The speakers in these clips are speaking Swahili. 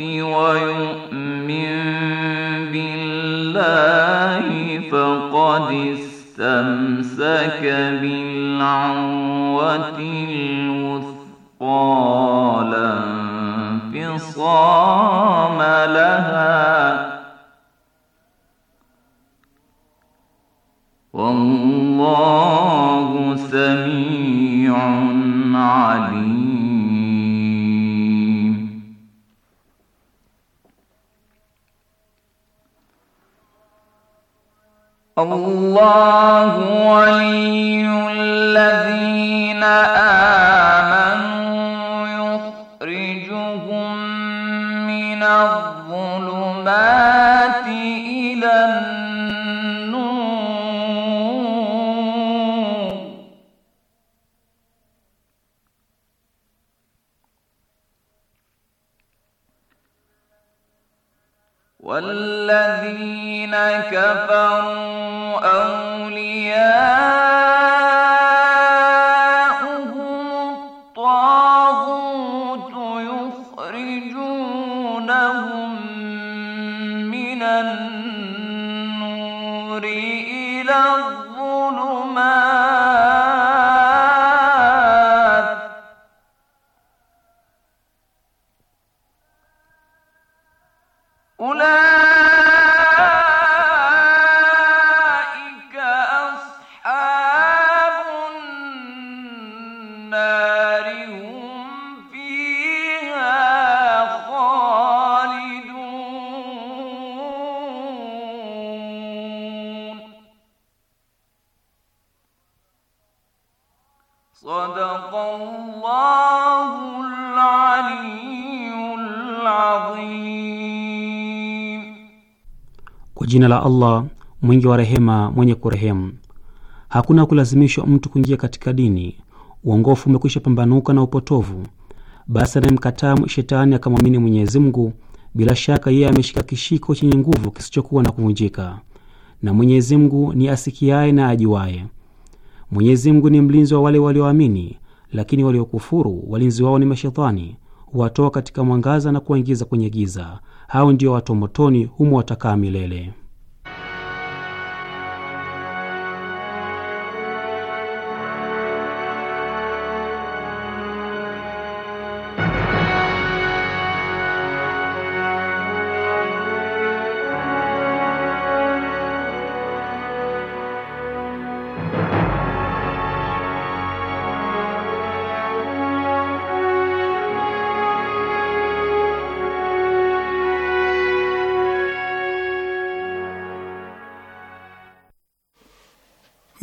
الصدق ويؤمن بالله فقد بالعروة الوثقى لا انفصال الله ولي الذين آمنوا يخرجهم من الظلمات Kwa jina la Allah mwingi wa rehema, mwenye kurehemu. Hakuna kulazimishwa mtu kuingia katika dini. Uongofu umekwisha pambanuka na upotovu. Basi anayemkataa shetani akamwamini Mwenyezi Mungu, bila shaka yeye ameshika kishiko chenye nguvu kisichokuwa na kuvunjika, na Mwenyezi Mungu ni asikiaye na ajuaye. Mwenyezi Mungu ni mlinzi wa wale walioamini, lakini waliokufuru walinzi wao ni mashetani, huwatoa katika mwangaza na kuwaingiza kwenye giza. Hao ndio watu motoni humo watakaa milele.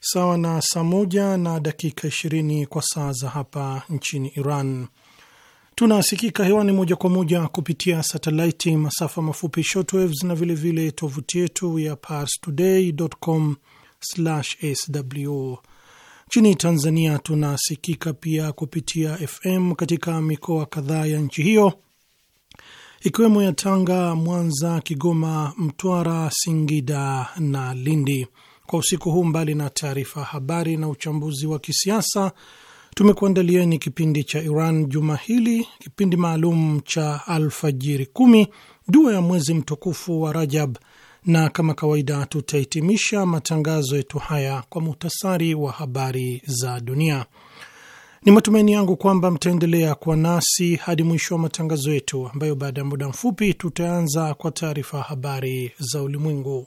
sawa na saa moja na dakika ishirini kwa saa za hapa nchini Iran. Tunasikika hewani moja kwa moja kupitia satelaiti, masafa mafupi shortwaves na vilevile tovuti yetu ya parstoday.com/sw. Nchini Tanzania tunasikika pia kupitia FM katika mikoa kadhaa ya nchi hiyo ikiwemo ya Tanga, Mwanza, Kigoma, Mtwara, Singida na Lindi. Kwa usiku huu, mbali na taarifa habari na uchambuzi wa kisiasa, tumekuandalieni kipindi cha Iran juma hili, kipindi maalum cha alfajiri kumi, dua ya mwezi mtukufu wa Rajab, na kama kawaida tutahitimisha matangazo yetu haya kwa muhtasari wa habari za dunia. Ni matumaini yangu kwamba mtaendelea kuwa nasi hadi mwisho wa matangazo yetu, ambayo baada ya muda mfupi tutaanza kwa taarifa habari za ulimwengu.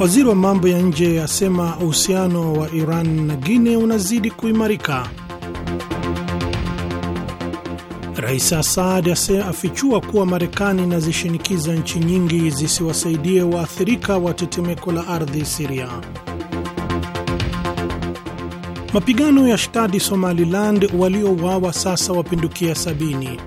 Waziri wa mambo ya nje asema uhusiano wa Iran na Guinea unazidi kuimarika. Rais Assad afichua kuwa Marekani inazishinikiza nchi nyingi zisiwasaidie waathirika wa tetemeko la ardhi Siria. Mapigano ya shtadi Somaliland waliouawa sasa wapindukia sabini.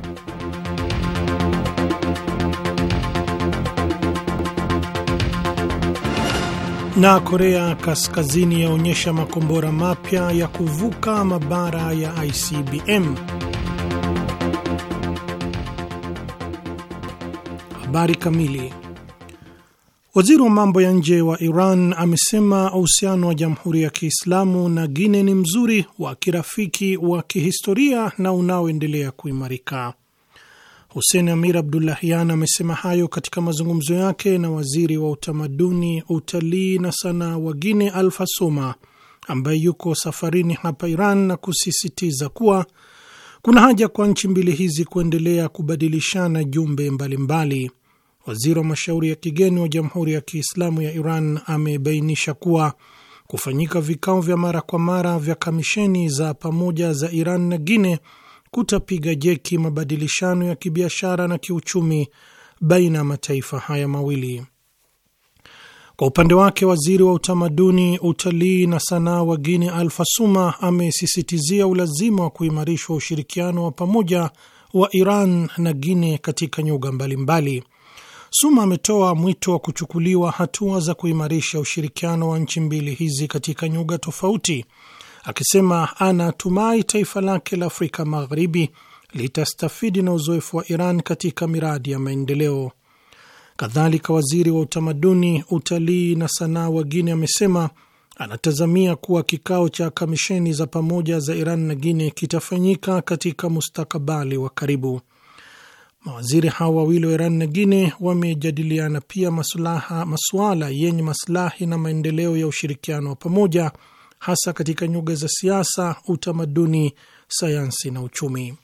Na Korea Kaskazini yaonyesha makombora mapya ya kuvuka mabara ya ICBM. Habari kamili. Waziri wa mambo ya nje wa Iran amesema uhusiano wa Jamhuri ya Kiislamu na Guinea ni mzuri, wa kirafiki, wa kihistoria na unaoendelea kuimarika. Hussein Amir Abdullahian amesema hayo katika mazungumzo yake na waziri wa utamaduni, utalii na sanaa wa guine Alpha Suma ambaye yuko safarini hapa Iran na kusisitiza kuwa kuna haja kwa nchi mbili hizi kuendelea kubadilishana jumbe mbalimbali. Waziri wa mashauri ya kigeni wa Jamhuri ya Kiislamu ya Iran amebainisha kuwa kufanyika vikao vya mara kwa mara vya kamisheni za pamoja za Iran na Guinea kutapiga jeki mabadilishano ya kibiashara na kiuchumi baina ya mataifa haya mawili. Kwa upande wake, waziri wa utamaduni, utalii na sanaa wa Guinea Alpha Suma amesisitizia ulazima wa kuimarishwa ushirikiano wa pamoja wa Iran na Guinea katika nyuga mbalimbali. Suma ametoa mwito wa kuchukuliwa hatua za kuimarisha ushirikiano wa nchi mbili hizi katika nyuga tofauti akisema anatumai taifa lake la Afrika Magharibi litastafidi na uzoefu wa Iran katika miradi ya maendeleo. Kadhalika, waziri wa utamaduni, utalii na sanaa wa Guine amesema anatazamia kuwa kikao cha kamisheni za pamoja za Iran na Guine kitafanyika katika mustakabali wa karibu. Mawaziri hao wawili wa Iran na Guine wamejadiliana pia masuala yenye maslahi na maendeleo ya ushirikiano wa pamoja hasa katika nyuga za siasa, utamaduni, sayansi na uchumi.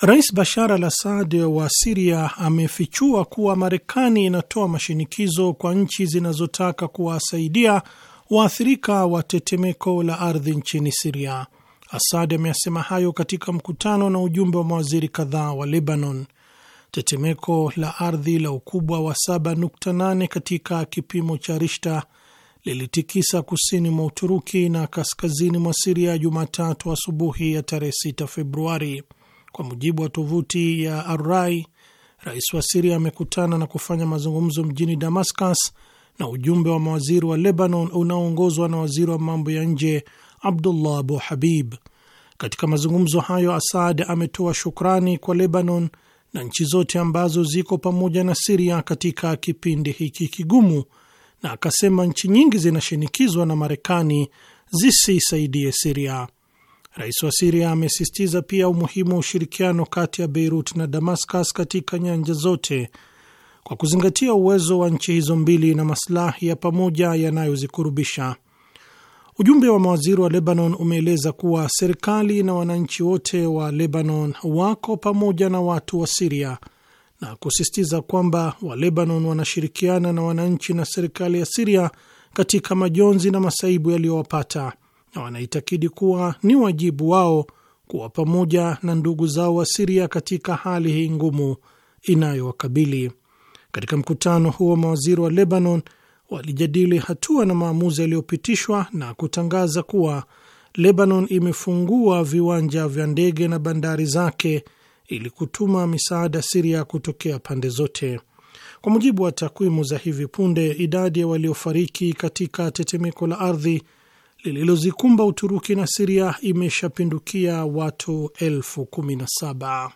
Rais Bashar al Assad wa Siria amefichua kuwa Marekani inatoa mashinikizo kwa nchi zinazotaka kuwasaidia waathirika wa tetemeko la ardhi nchini Siria. Assad ameyasema hayo katika mkutano na ujumbe wa mawaziri kadhaa wa Lebanon. Tetemeko la ardhi la ukubwa wa 7.8 katika kipimo cha Rishta lilitikisa kusini mwa Uturuki na kaskazini mwa Siria Jumatatu asubuhi ya tarehe 6 Februari. Kwa mujibu wa tovuti ya Arai, rais wa Siria amekutana na kufanya mazungumzo mjini Damascus na ujumbe wa mawaziri wa Lebanon unaoongozwa na waziri wa mambo ya nje Abdullah Abu Habib. Katika mazungumzo hayo, Asad ametoa shukrani kwa Lebanon na nchi zote ambazo ziko pamoja na Siria katika kipindi hiki kigumu na akasema nchi nyingi zinashinikizwa na Marekani zisisaidie Siria. Rais wa Siria amesisitiza pia umuhimu wa ushirikiano kati ya Beirut na Damascus katika nyanja zote kwa kuzingatia uwezo wa nchi hizo mbili na maslahi ya pamoja yanayozikurubisha. Ujumbe wa mawaziri wa Lebanon umeeleza kuwa serikali na wananchi wote wa Lebanon wako pamoja na watu wa Siria na kusisitiza kwamba Walebanon wanashirikiana na wananchi na serikali ya Siria katika majonzi na masaibu yaliyowapata na wanaitakidi kuwa ni wajibu wao kuwa pamoja na ndugu zao wa Siria katika hali hii ngumu inayowakabili. Katika mkutano huo, mawaziri wa Lebanon walijadili hatua na maamuzi yaliyopitishwa na kutangaza kuwa Lebanon imefungua viwanja vya ndege na bandari zake ili kutuma misaada Siria kutokea pande zote. Kwa mujibu wa takwimu za hivi punde, idadi ya waliofariki katika tetemeko la ardhi lililozikumba Uturuki na Siria imeshapindukia watu elfu kumi na saba.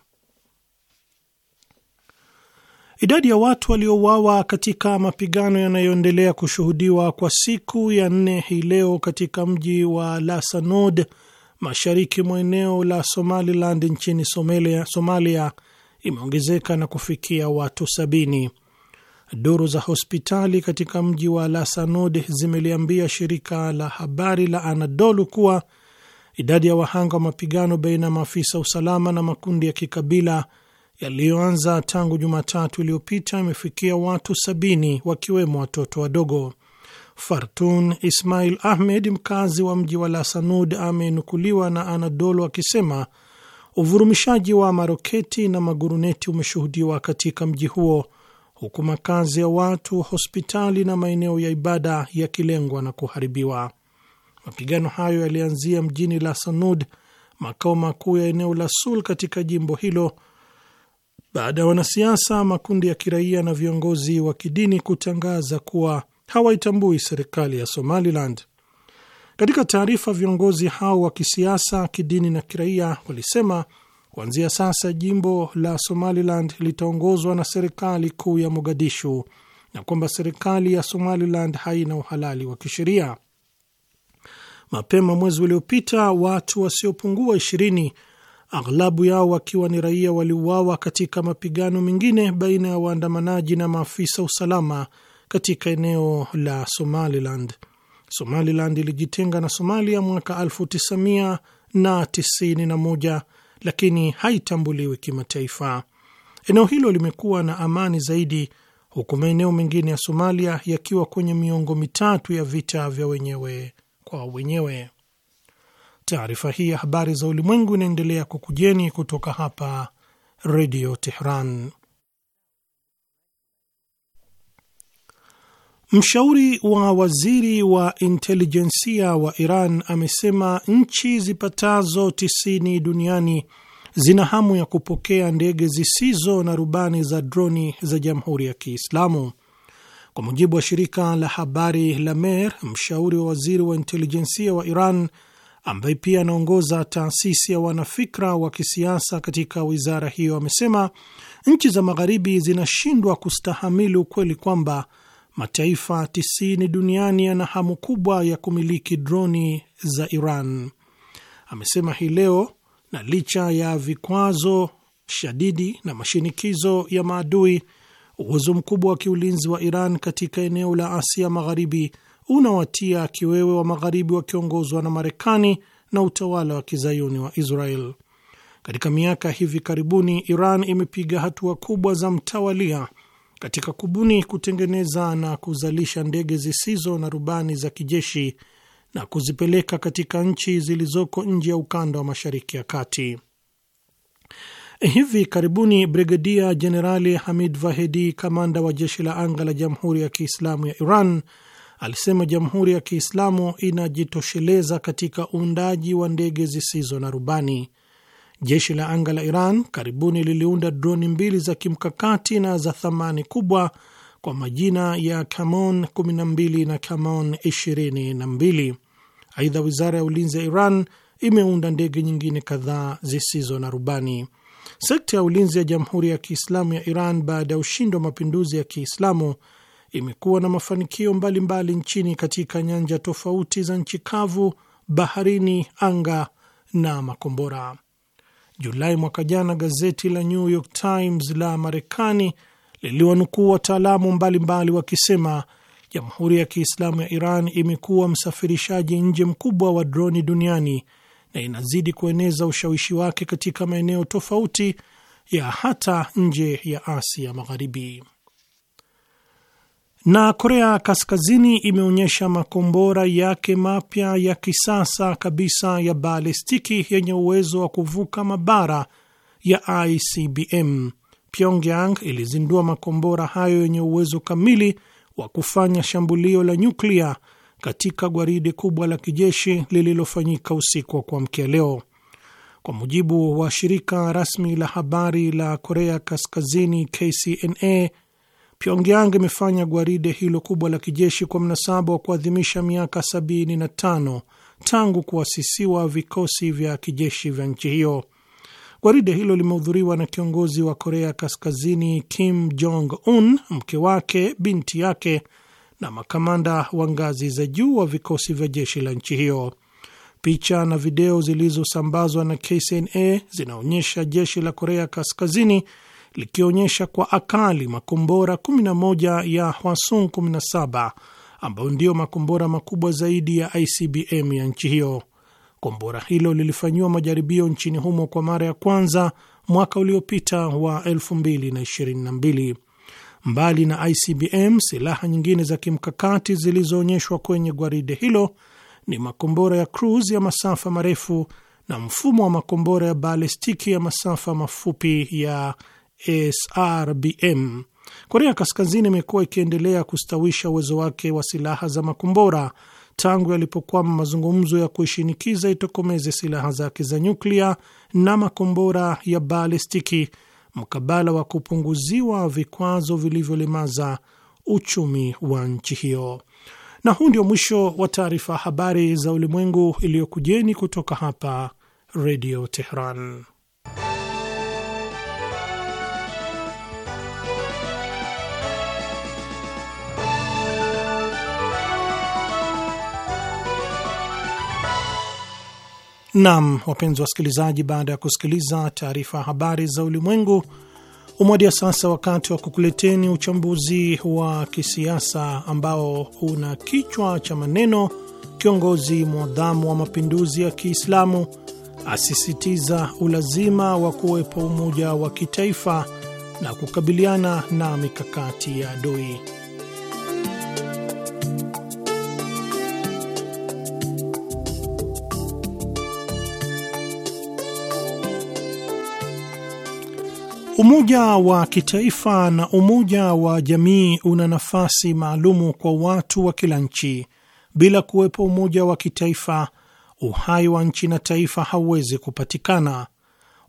Idadi ya watu waliouawa katika mapigano yanayoendelea kushuhudiwa kwa siku ya nne hii leo katika mji wa Lasanod mashariki mwa eneo la Somaliland nchini Somalia, Somalia imeongezeka na kufikia watu sabini. Duru za hospitali katika mji wa Lasanod zimeliambia shirika la habari la Anadolu kuwa idadi ya wahanga wa mapigano baina ya maafisa usalama na makundi ya kikabila yaliyoanza tangu Jumatatu iliyopita imefikia watu sabini wakiwemo watoto wadogo. Fartun Ismail Ahmed, mkazi wa mji wa Lasanud, amenukuliwa na Anadolu akisema uvurumishaji wa maroketi na maguruneti umeshuhudiwa katika mji huo huku makazi ya watu, hospitali na maeneo ya ibada yakilengwa na kuharibiwa. Mapigano hayo yalianzia mjini Lasanud, makao makuu ya eneo la Sul katika jimbo hilo, baada ya wanasiasa, makundi ya kiraia na viongozi wa kidini kutangaza kuwa hawaitambui serikali ya Somaliland. Katika taarifa, viongozi hao wa kisiasa, kidini na kiraia walisema kuanzia sasa jimbo la Somaliland litaongozwa na serikali kuu ya Mogadishu na kwamba serikali ya Somaliland haina uhalali wa kisheria. Mapema mwezi uliopita, watu wasiopungua ishirini, aghlabu yao wakiwa ni raia, waliuawa katika mapigano mengine baina ya waandamanaji na maafisa usalama katika eneo la Somaliland. Somaliland ilijitenga na Somalia mwaka 1991 lakini haitambuliwi kimataifa. Eneo hilo limekuwa na amani zaidi, huku maeneo mengine ya Somalia yakiwa kwenye miongo mitatu ya vita vya wenyewe kwa wenyewe. Taarifa hii ya habari za ulimwengu inaendelea kukujeni kutoka hapa Redio Tehran. Mshauri wa waziri wa intelijensia wa Iran amesema nchi zipatazo tisini duniani zina hamu ya kupokea ndege zisizo na rubani za droni za Jamhuri ya Kiislamu. Kwa mujibu wa shirika la habari la Mer, mshauri wa waziri wa intelijensia wa Iran ambaye pia anaongoza taasisi ya wanafikra wa kisiasa katika wizara hiyo amesema nchi za Magharibi zinashindwa kustahamili ukweli kwamba mataifa 90 duniani yana hamu kubwa ya kumiliki droni za Iran, amesema hii leo. Na licha ya vikwazo shadidi na mashinikizo ya maadui, uwezo mkubwa wa kiulinzi wa Iran katika eneo la Asia Magharibi unawatia kiwewe wa Magharibi wakiongozwa na Marekani na utawala wa kizayuni wa Israel. Katika miaka hivi karibuni, Iran imepiga hatua kubwa za mtawalia katika kubuni, kutengeneza na kuzalisha ndege zisizo na rubani za kijeshi na kuzipeleka katika nchi zilizoko nje ya ukanda wa Mashariki ya Kati. Hivi karibuni Brigedia Jenerali Hamid Vahedi, kamanda wa jeshi la anga la Jamhuri ya Kiislamu ya Iran, alisema Jamhuri ya Kiislamu inajitosheleza katika uundaji wa ndege zisizo na rubani. Jeshi la anga la Iran karibuni liliunda droni mbili za kimkakati na za thamani kubwa kwa majina ya Kamon 12 na Kamon 22. Aidha, wizara ya ulinzi ya Iran imeunda ndege nyingine kadhaa zisizo na rubani. Sekta ya ulinzi ya Jamhuri ya Kiislamu ya Iran baada ya ushindi wa mapinduzi ya Kiislamu imekuwa na mafanikio mbalimbali mbali nchini katika nyanja tofauti za nchi kavu, baharini, anga na makombora. Julai mwaka jana, gazeti la New York Times la Marekani liliwanukuu wataalamu mbalimbali wakisema Jamhuri ya Kiislamu ya Iran imekuwa msafirishaji nje mkubwa wa droni duniani na inazidi kueneza ushawishi wake katika maeneo tofauti ya hata nje ya Asia Magharibi. Na Korea Kaskazini imeonyesha makombora yake mapya ya kisasa kabisa ya balistiki yenye uwezo wa kuvuka mabara ya ICBM. Pyongyang ilizindua makombora hayo yenye uwezo kamili wa kufanya shambulio la nyuklia katika gwaride kubwa la kijeshi lililofanyika usiku wa kuamkia leo. Kwa mujibu wa shirika rasmi la habari la Korea Kaskazini KCNA, Pyongyang imefanya gwaride hilo kubwa la kijeshi kwa mnasaba wa kuadhimisha miaka 75 tangu kuasisiwa vikosi vya kijeshi vya nchi hiyo. Gwaride hilo limehudhuriwa na kiongozi wa Korea Kaskazini Kim Jong Un, mke wake, binti yake na makamanda wa ngazi za juu wa vikosi vya jeshi la nchi hiyo. Picha na video zilizosambazwa na KCNA zinaonyesha jeshi la Korea Kaskazini likionyesha kwa akali makombora 11 ya hwasung 17 ambayo ndiyo makombora makubwa zaidi ya ICBM ya nchi hiyo. Kombora hilo lilifanyiwa majaribio nchini humo kwa mara ya kwanza mwaka uliopita wa 2022. Mbali na ICBM, silaha nyingine za kimkakati zilizoonyeshwa kwenye gwaride hilo ni makombora ya cruise ya masafa marefu na mfumo wa makombora ya balistiki ya masafa mafupi ya SRBM. Korea Kaskazini imekuwa ikiendelea kustawisha uwezo wake wa silaha za makombora tangu yalipokwama mazungumzo ya kuishinikiza itokomeze silaha zake za nyuklia na makombora ya balistiki mkabala wa kupunguziwa vikwazo vilivyolemaza uchumi wa nchi hiyo. Na huu ndio mwisho wa taarifa habari za ulimwengu iliyokujeni kutoka hapa Redio Tehran. Nam, wapenzi wasikilizaji, baada ya kusikiliza taarifa ya habari za ulimwengu, umoja sasa wakati wa kukuleteni uchambuzi wa kisiasa ambao una kichwa cha maneno kiongozi mwadhamu wa mapinduzi ya Kiislamu asisitiza ulazima wa kuwepo umoja wa kitaifa na kukabiliana na mikakati ya adui. Umoja wa kitaifa na umoja wa jamii una nafasi maalumu kwa watu wa kila nchi. Bila kuwepo umoja wa kitaifa, uhai wa nchi na taifa hauwezi kupatikana.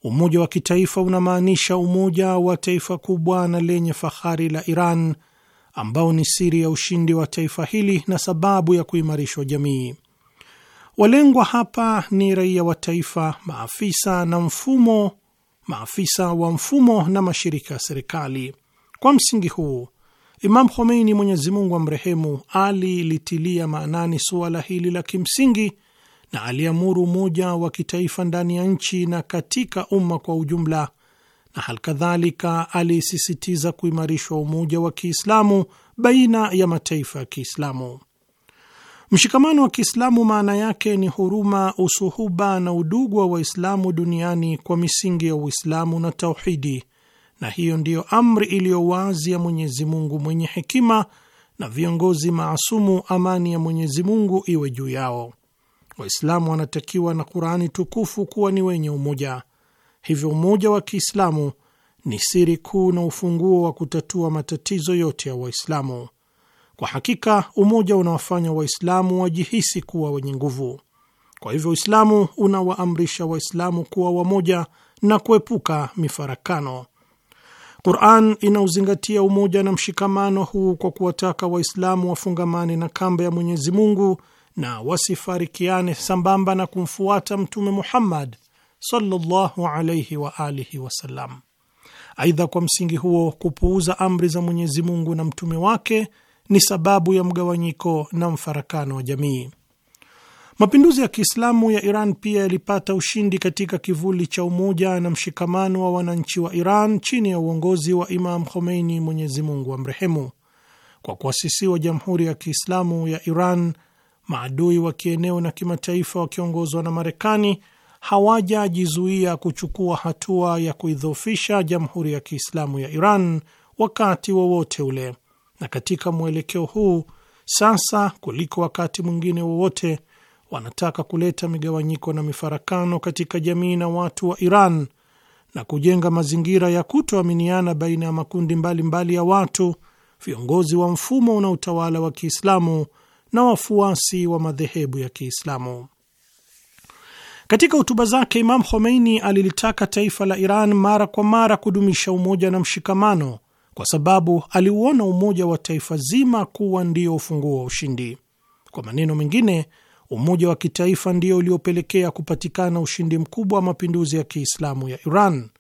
Umoja wa kitaifa unamaanisha umoja wa taifa kubwa na lenye fahari la Iran, ambao ni siri ya ushindi wa taifa hili na sababu ya kuimarishwa jamii. Walengwa hapa ni raia wa taifa, maafisa na mfumo maafisa wa mfumo na mashirika ya serikali. Kwa msingi huu, Imam Khomeini, Mwenyezi Mungu amrehemu, alilitilia maanani suala hili la kimsingi na aliamuru umoja wa kitaifa ndani ya nchi na katika umma kwa ujumla, na kadhalika alisisitiza kuimarishwa umoja wa Kiislamu baina ya mataifa ya Kiislamu. Mshikamano wa Kiislamu maana yake ni huruma, usuhuba na udugu wa Waislamu duniani kwa misingi ya Uislamu na tauhidi, na hiyo ndiyo amri iliyo wazi ya Mwenyezi Mungu mwenye hekima na viongozi maasumu, amani ya Mwenyezi Mungu iwe juu yao. Waislamu wanatakiwa na Kurani tukufu kuwa ni wenye umoja. Hivyo umoja wa Kiislamu ni siri kuu na ufunguo wa kutatua matatizo yote ya Waislamu. Kwa hakika umoja unawafanya Waislamu wajihisi kuwa wenye nguvu. Kwa hivyo Uislamu unawaamrisha Waislamu kuwa wamoja na kuepuka mifarakano. Quran inauzingatia umoja na mshikamano huu kwa kuwataka Waislamu wafungamane na kamba ya Mwenyezi Mungu na wasifarikiane, sambamba na kumfuata Mtume Muhammad sallallahu wa alihi wasallam. Aidha, kwa msingi huo kupuuza amri za Mwenyezi Mungu na mtume wake ni sababu ya mgawanyiko na mfarakano wa jamii. Mapinduzi ya Kiislamu ya Iran pia yalipata ushindi katika kivuli cha umoja na mshikamano wa wananchi wa Iran chini ya uongozi wa Imam Khomeini, Mwenyezi Mungu amrehemu. Kwa kuasisiwa Jamhuri ya Kiislamu ya Iran, maadui wa kieneo na kimataifa wakiongozwa na Marekani hawajajizuia kuchukua hatua ya kuidhoofisha Jamhuri ya Kiislamu ya Iran wakati wowote wa ule na katika mwelekeo huu sasa kuliko wakati mwingine wowote wanataka kuleta migawanyiko na mifarakano katika jamii na watu wa Iran na kujenga mazingira ya kutoaminiana baina ya makundi mbalimbali mbali ya watu, viongozi wa mfumo na utawala wa Kiislamu na wafuasi wa madhehebu ya Kiislamu. Katika hotuba zake, Imam Khomeini alilitaka taifa la Iran mara kwa mara kudumisha umoja na mshikamano kwa sababu aliuona umoja wa taifa zima kuwa ndio ufunguo wa ushindi. Kwa maneno mengine, umoja wa kitaifa ndio uliopelekea kupatikana ushindi mkubwa wa mapinduzi ya Kiislamu ya Iran.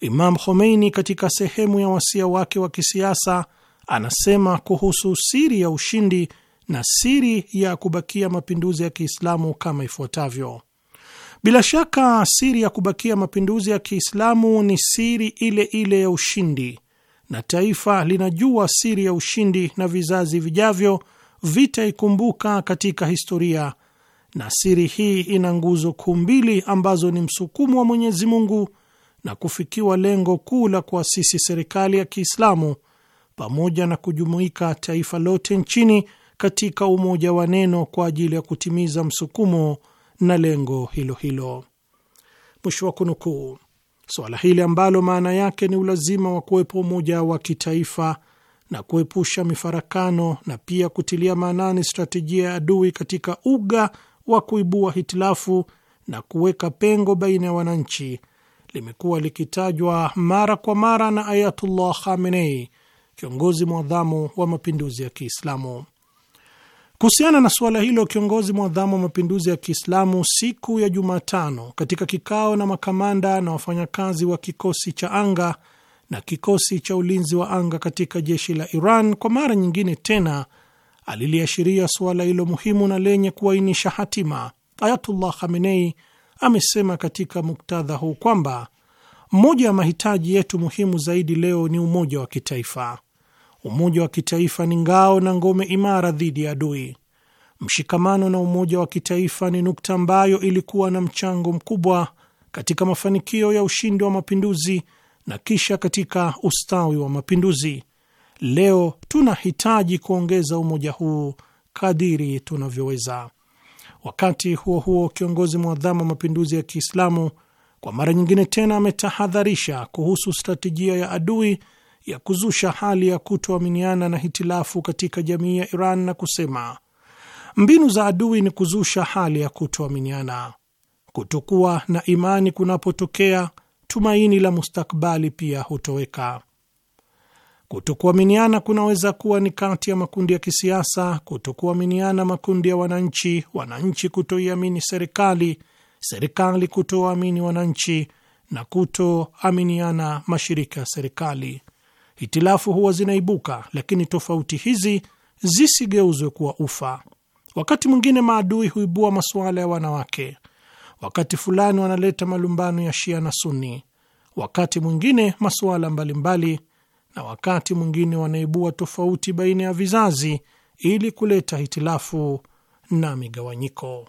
Imam Khomeini katika sehemu ya wasia wake wa kisiasa anasema kuhusu siri ya ushindi na siri ya kubakia mapinduzi ya Kiislamu kama ifuatavyo: bila shaka siri ya kubakia mapinduzi ya Kiislamu ni siri ile ile ya ushindi na taifa linajua siri ya ushindi, na vizazi vijavyo vitaikumbuka katika historia. Na siri hii ina nguzo kuu mbili ambazo ni msukumo wa Mwenyezi Mungu na kufikiwa lengo kuu la kuasisi serikali ya Kiislamu pamoja na kujumuika taifa lote nchini katika umoja wa neno kwa ajili ya kutimiza msukumo na lengo hilo hilo. Mwisho wa kunukuu suala hili ambalo maana yake ni ulazima wa kuwepo umoja wa kitaifa na kuepusha mifarakano na pia kutilia maanani stratejia ya adui katika uga wa kuibua hitilafu na kuweka pengo baina ya wananchi limekuwa likitajwa mara kwa mara na Ayatullah Khamenei, kiongozi mwadhamu wa mapinduzi ya Kiislamu. Kuhusiana na suala hilo, kiongozi mwadhamu wa mapinduzi ya Kiislamu siku ya Jumatano katika kikao na makamanda na wafanyakazi wa kikosi cha anga na kikosi cha ulinzi wa anga katika jeshi la Iran kwa mara nyingine tena aliliashiria suala hilo muhimu na lenye kuainisha hatima. Ayatullah Khamenei amesema katika muktadha huu kwamba mmoja ya mahitaji yetu muhimu zaidi leo ni umoja wa kitaifa. Umoja wa kitaifa ni ngao na ngome imara dhidi ya adui. Mshikamano na umoja wa kitaifa ni nukta ambayo ilikuwa na mchango mkubwa katika mafanikio ya ushindi wa mapinduzi na kisha katika ustawi wa mapinduzi. Leo tunahitaji kuongeza umoja huu kadiri tunavyoweza. Wakati huo huo, kiongozi mwadhamu wa mapinduzi ya Kiislamu kwa mara nyingine tena ametahadharisha kuhusu stratejia ya adui ya kuzusha hali ya kutoaminiana na hitilafu katika jamii ya Iran na kusema mbinu za adui ni kuzusha hali ya kutoaminiana. Kutokuwa na imani kunapotokea, tumaini la mustakbali pia hutoweka. Kutokuaminiana kunaweza kuwa ni kati ya makundi ya kisiasa, kutokuaminiana makundi ya wananchi, wananchi kutoiamini serikali, serikali kutowaamini wananchi na kutoaminiana mashirika ya serikali. Itilafu huwa zinaibuka, lakini tofauti hizi zisigeuzwe kuwa ufa. Wakati mwingine maadui huibua masuala ya wanawake, wakati fulani wanaleta malumbano ya Shia na Suni, wakati mwingine masuala mbalimbali, na wakati mwingine wanaibua tofauti baina ya vizazi ili kuleta hitilafu na migawanyiko.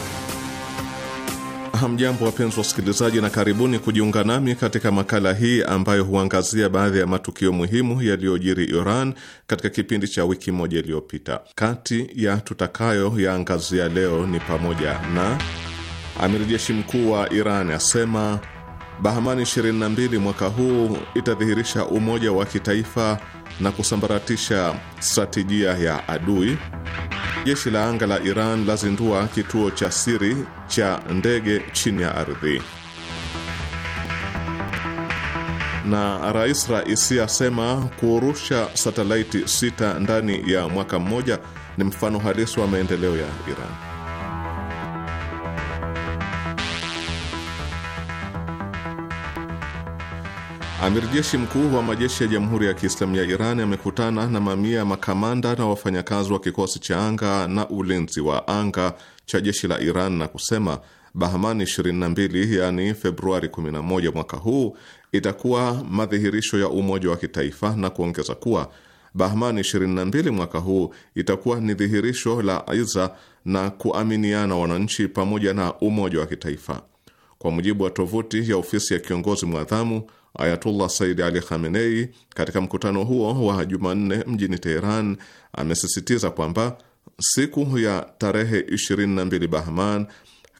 Hamjambo, wapenzi wasikilizaji, na karibuni kujiunga nami katika makala hii ambayo huangazia baadhi ya matukio muhimu yaliyojiri Iran katika kipindi cha wiki moja iliyopita. Kati ya tutakayoyaangazia leo ni pamoja na amiri jeshi mkuu wa Iran asema Bahmani 22 mwaka huu itadhihirisha umoja wa kitaifa na kusambaratisha stratejia ya adui. Jeshi la anga la Iran lazindua kituo cha siri cha ndege chini ya ardhi, na Rais Raisi asema kurusha satelaiti sita ndani ya mwaka mmoja ni mfano halisi wa maendeleo ya Iran. Amir jeshi mkuu wa majeshi ya Jamhuri ya Kiislamu ya Iran amekutana na mamia ya makamanda na wafanyakazi wa kikosi cha anga na ulinzi wa anga cha jeshi la Iran na kusema Bahmani 22 yani Februari 11 mwaka huu itakuwa madhihirisho ya umoja wa kitaifa na kuongeza kuwa bahman 22 mwaka huu itakuwa ni dhihirisho la aiza na kuaminiana wananchi pamoja na umoja wa kitaifa. Kwa mujibu wa tovuti ya ofisi ya kiongozi mwadhamu Ayatullah Said Ali Khamenei katika mkutano huo wa Jumanne mjini Teheran amesisitiza kwamba siku ya tarehe 22 Bahman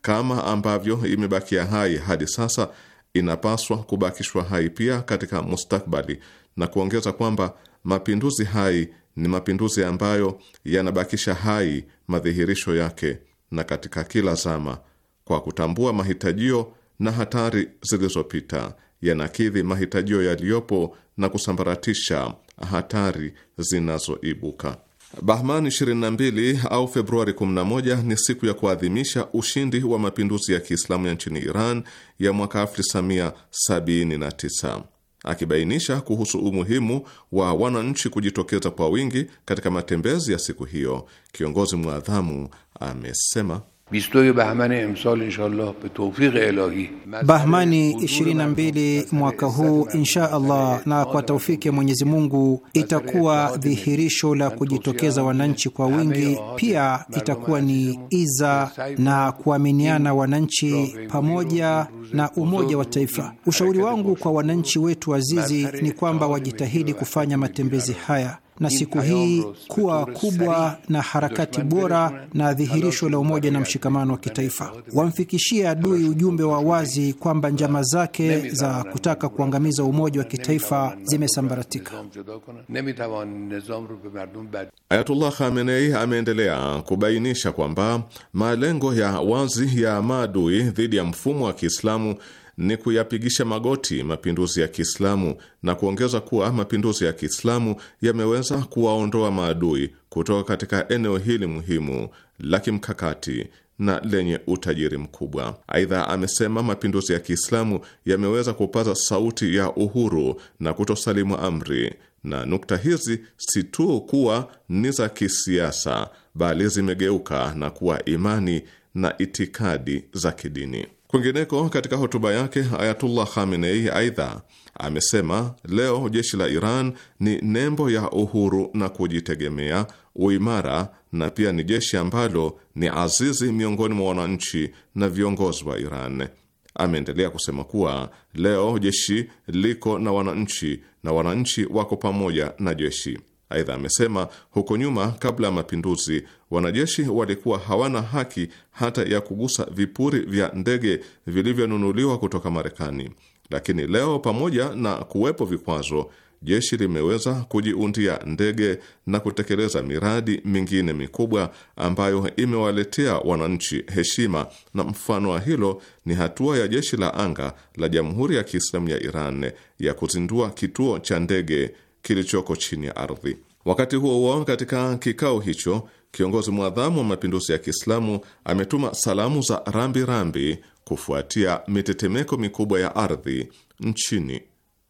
kama ambavyo imebakia hai hadi sasa inapaswa kubakishwa hai pia katika mustakbali, na kuongeza kwamba mapinduzi hai ni mapinduzi ambayo yanabakisha hai madhihirisho yake na katika kila zama, kwa kutambua mahitajio na hatari zilizopita yanakidhi mahitajio yaliyopo na kusambaratisha hatari zinazoibuka. Bahman 22 au Februari 11 ni siku ya kuadhimisha ushindi wa mapinduzi ya Kiislamu ya nchini Iran ya mwaka 1979. Akibainisha kuhusu umuhimu wa wananchi kujitokeza kwa wingi katika matembezi ya siku hiyo, kiongozi mwadhamu amesema: Bahmani 22 mwaka huu insha Allah na kwa taufiki ya Mwenyezi Mungu itakuwa dhihirisho la kujitokeza wananchi kwa wingi, pia itakuwa ni iza na kuaminiana wananchi pamoja na umoja wa taifa. Ushauri wangu kwa wananchi wetu azizi ni kwamba wajitahidi kufanya matembezi haya na siku hii kuwa kubwa na harakati bora na dhihirisho la umoja na mshikamano wa kitaifa. Wamfikishie adui ujumbe wa wazi kwamba njama zake za kutaka kuangamiza umoja wa kitaifa zimesambaratika. Ayatullah Khamenei ameendelea kubainisha kwamba malengo ya wazi ya maadui dhidi ya mfumo wa Kiislamu ni kuyapigisha magoti mapinduzi ya Kiislamu na kuongeza kuwa mapinduzi ya Kiislamu yameweza kuwaondoa maadui kutoka katika eneo hili muhimu la kimkakati na lenye utajiri mkubwa. Aidha, amesema mapinduzi ya Kiislamu yameweza kupaza sauti ya uhuru na kutosalimu amri, na nukta hizi si tu kuwa ni za kisiasa, bali zimegeuka na kuwa imani na itikadi za kidini. Kwingineko, katika hotuba yake Ayatullah Khamenei aidha amesema leo jeshi la Iran ni nembo ya uhuru na kujitegemea, uimara na pia ni jeshi ambalo ni azizi miongoni mwa wananchi na viongozi wa Iran. Ameendelea kusema kuwa leo jeshi liko na wananchi na wananchi wako pamoja na jeshi. Aidha amesema huko nyuma, kabla ya mapinduzi, wanajeshi walikuwa hawana haki hata ya kugusa vipuri vya ndege vilivyonunuliwa kutoka Marekani, lakini leo, pamoja na kuwepo vikwazo, jeshi limeweza kujiundia ndege na kutekeleza miradi mingine mikubwa ambayo imewaletea wananchi heshima, na mfano wa hilo ni hatua ya jeshi la anga la Jamhuri ya Kiislamu ya Iran ya kuzindua kituo cha ndege kilichoko chini ya ardhi. Wakati huo huo, katika kikao hicho kiongozi mwadhamu wa mapinduzi ya Kiislamu ametuma salamu za rambirambi rambi kufuatia mitetemeko mikubwa ya ardhi nchini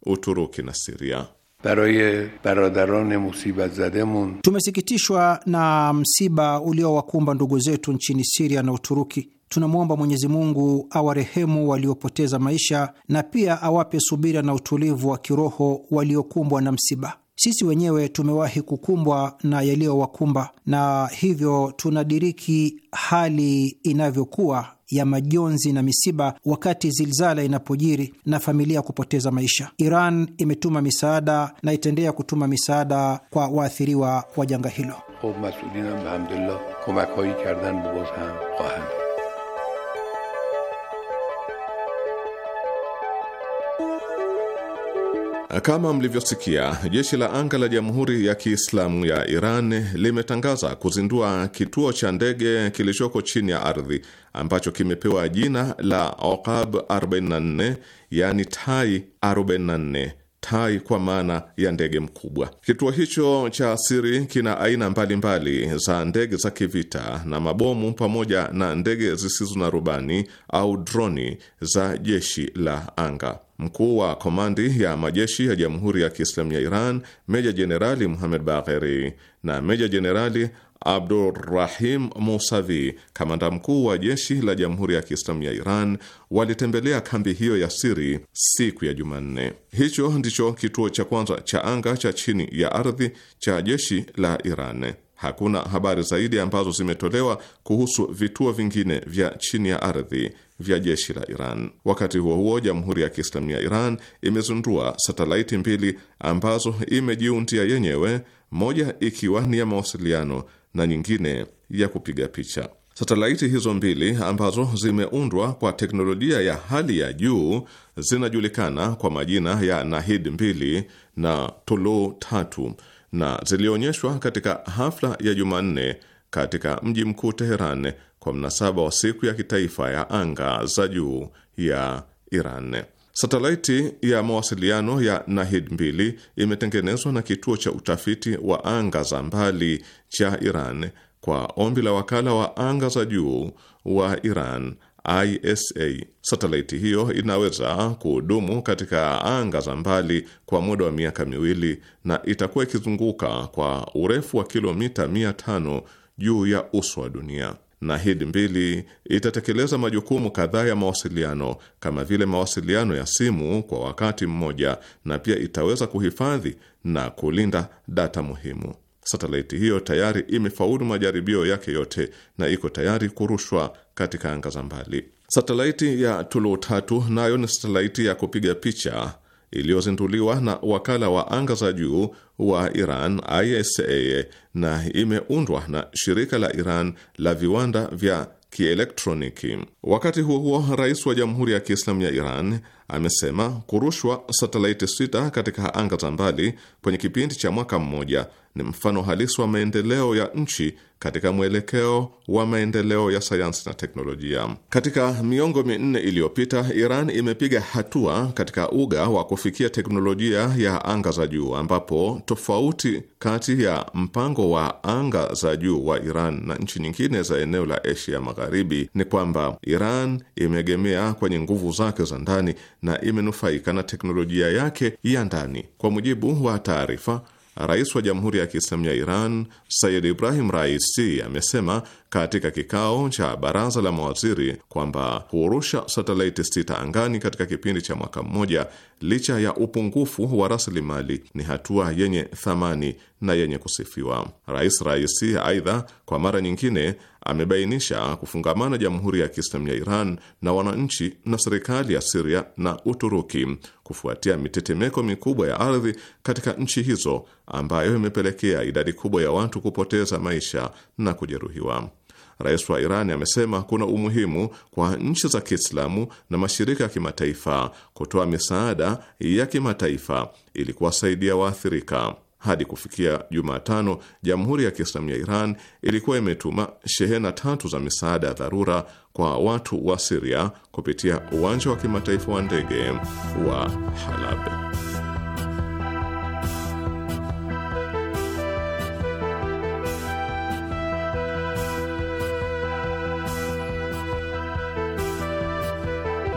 Uturuki na Siria. baraye baradarone musiba zademun, tumesikitishwa na msiba uliowakumba ndugu zetu nchini Siria na Uturuki tunamwomba Mwenyezi Mungu awarehemu waliopoteza maisha na pia awape subira na utulivu wa kiroho waliokumbwa na msiba. Sisi wenyewe tumewahi kukumbwa na yaliyowakumba, na hivyo tunadiriki hali inavyokuwa ya majonzi na misiba wakati zilzala inapojiri na familia kupoteza maisha. Iran imetuma misaada na itaendelea kutuma misaada kwa waathiriwa wa janga hilo. Kama mlivyosikia, jeshi la anga la Jamhuri ya Kiislamu ya Iran limetangaza kuzindua kituo cha ndege kilichoko chini ya ardhi ambacho kimepewa jina la Oqab 44, yani tai 44 tai kwa maana ya ndege mkubwa. Kituo hicho cha siri kina aina mbalimbali mbali za ndege za kivita na mabomu pamoja na ndege zisizo na rubani au droni za jeshi la anga. Mkuu wa komandi ya majeshi ya Jamhuri ya Kiislamu ya Iran, Meja Jenerali Muhamed Bagheri na Meja Jenerali Abdurrahim Musavi, kamanda mkuu wa jeshi la Jamhuri ya Kiislamu ya Iran, walitembelea kambi hiyo ya siri siku ya Jumanne. Hicho ndicho kituo cha kwanza cha anga cha chini ya ardhi cha jeshi la Iran. Hakuna habari zaidi ambazo zimetolewa kuhusu vituo vingine vya chini ya ardhi vya jeshi la Iran. Wakati huo huo, Jamhuri ya Kiislamu ya Iran imezindua satelaiti mbili ambazo imejiundia yenyewe, moja ikiwa ni ya mawasiliano na nyingine ya kupiga picha. Satelaiti hizo mbili ambazo zimeundwa kwa teknolojia ya hali ya juu zinajulikana kwa majina ya Nahid mbili na Tolo tatu na zilionyeshwa katika hafla ya Jumanne katika mji mkuu Teheran kwa mnasaba wa siku ya kitaifa ya anga za juu ya Iran. Satelaiti ya mawasiliano ya Nahid 2 imetengenezwa na kituo cha utafiti wa anga za mbali cha Iran kwa ombi la wakala wa anga za juu wa Iran ISA. Satelaiti hiyo inaweza kuhudumu katika anga za mbali kwa muda wa miaka miwili na itakuwa ikizunguka kwa urefu wa kilomita 500 juu ya uso wa dunia na hidi mbili itatekeleza majukumu kadhaa ya mawasiliano kama vile mawasiliano ya simu kwa wakati mmoja, na pia itaweza kuhifadhi na kulinda data muhimu. Satelaiti hiyo tayari imefaulu majaribio yake yote na iko tayari kurushwa katika anga za mbali. Satelaiti ya Tulu tatu nayo ni satelaiti ya kupiga picha iliyozinduliwa na wakala wa anga za juu wa Iran ISA na imeundwa na shirika la Iran la viwanda vya kielektroniki. Wakati huo huo, rais wa Jamhuri ya Kiislamu ya Iran amesema kurushwa satelaiti sita katika anga za mbali kwenye kipindi cha mwaka mmoja ni mfano halisi wa maendeleo ya nchi katika mwelekeo wa maendeleo ya sayansi na teknolojia. Katika miongo minne iliyopita, Iran imepiga hatua katika uga wa kufikia teknolojia ya anga za juu, ambapo tofauti kati ya mpango wa anga za juu wa Iran na nchi nyingine za eneo la Asia Magharibi ni kwamba Iran imeegemea kwenye nguvu zake za ndani na imenufaika na teknolojia yake ya ndani. Kwa mujibu wa taarifa, Rais wa Jamhuri ya Kiislamu ya Iran Sayyid Ibrahim Raisi amesema katika kikao cha baraza la mawaziri kwamba hurusha satelaiti sita angani katika kipindi cha mwaka mmoja licha ya upungufu wa rasilimali ni hatua yenye thamani na yenye kusifiwa. Rais Raisi aidha, kwa mara nyingine amebainisha kufungamana Jamhuri ya Kiislamu ya Iran na wananchi na serikali ya Siria na Uturuki kufuatia mitetemeko mikubwa ya ardhi katika nchi hizo ambayo imepelekea idadi kubwa ya watu kupoteza maisha na kujeruhiwa. Rais wa iran amesema kuna umuhimu kwa nchi za Kiislamu na mashirika ya kimataifa kutoa misaada ya kimataifa ili kuwasaidia waathirika. Hadi kufikia Jumatano, Jamhuri ya Kiislamu ya Iran ilikuwa imetuma shehena tatu za misaada ya dharura kwa watu wa Siria kupitia uwanja wa kimataifa wa ndege wa Halab.